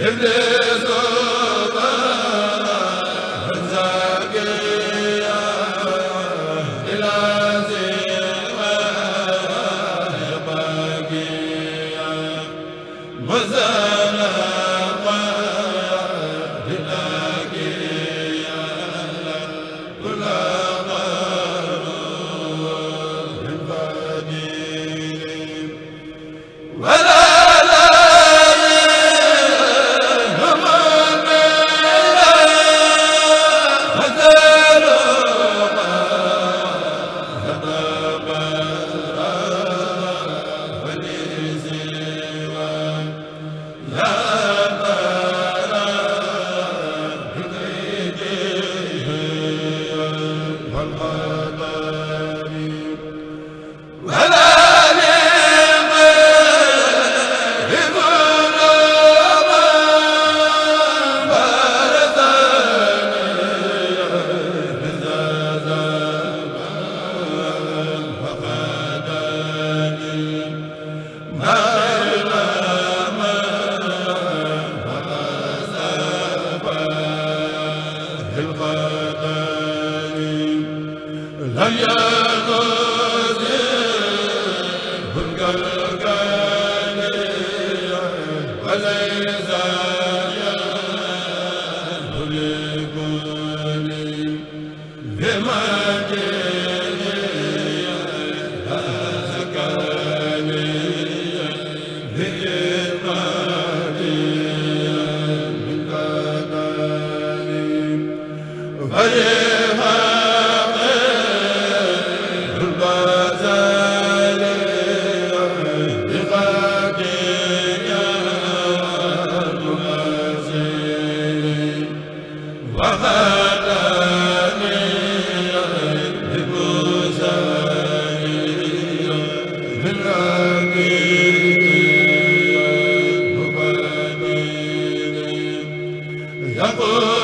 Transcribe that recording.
yàlla za يقول